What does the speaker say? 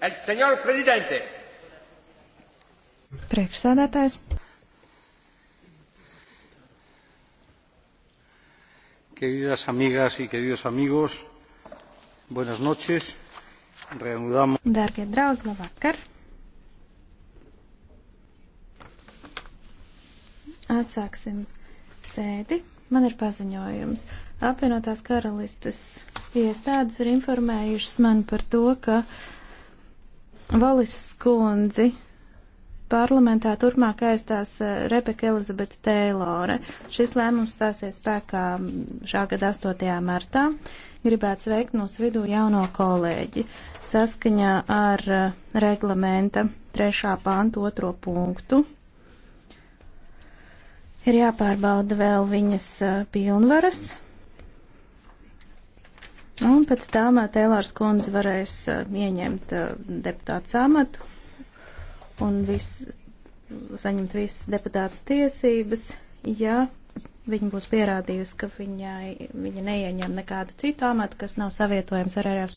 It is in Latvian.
El señor presidente. Priekšsēdētājs. Queridas amigas y queridos amigos, buenas noches. Reanudamos. Darbie draugi, labvakar. Atsāksim sēdi. Man ir paziņojums. Apvienotās karalistes iestādes ir informējušas man par to, ka uh, Valis skundzi parlamentā turpmāk aizstās eh, Rebeka Elizabete Teilore. Šis lēmums stāsies spēkā mm, šā gada 8. martā. Gribētu sveikt mūsu vidū jauno kolēģi saskaņā ar eh, reglamenta 3. pāntu 2. punktu. Ir jāpārbauda vēl viņas eh, pilnvaras. Un pēc tam eh, Tēlārs kundze varēs eh, ieņemt eh, deputāts amatu un vis, saņemt visas deputātas tiesības, ja viņa būs pierādījusi, ka viņai, viņa neieņem nekādu citu amatu, kas nav savietojams ar ārējās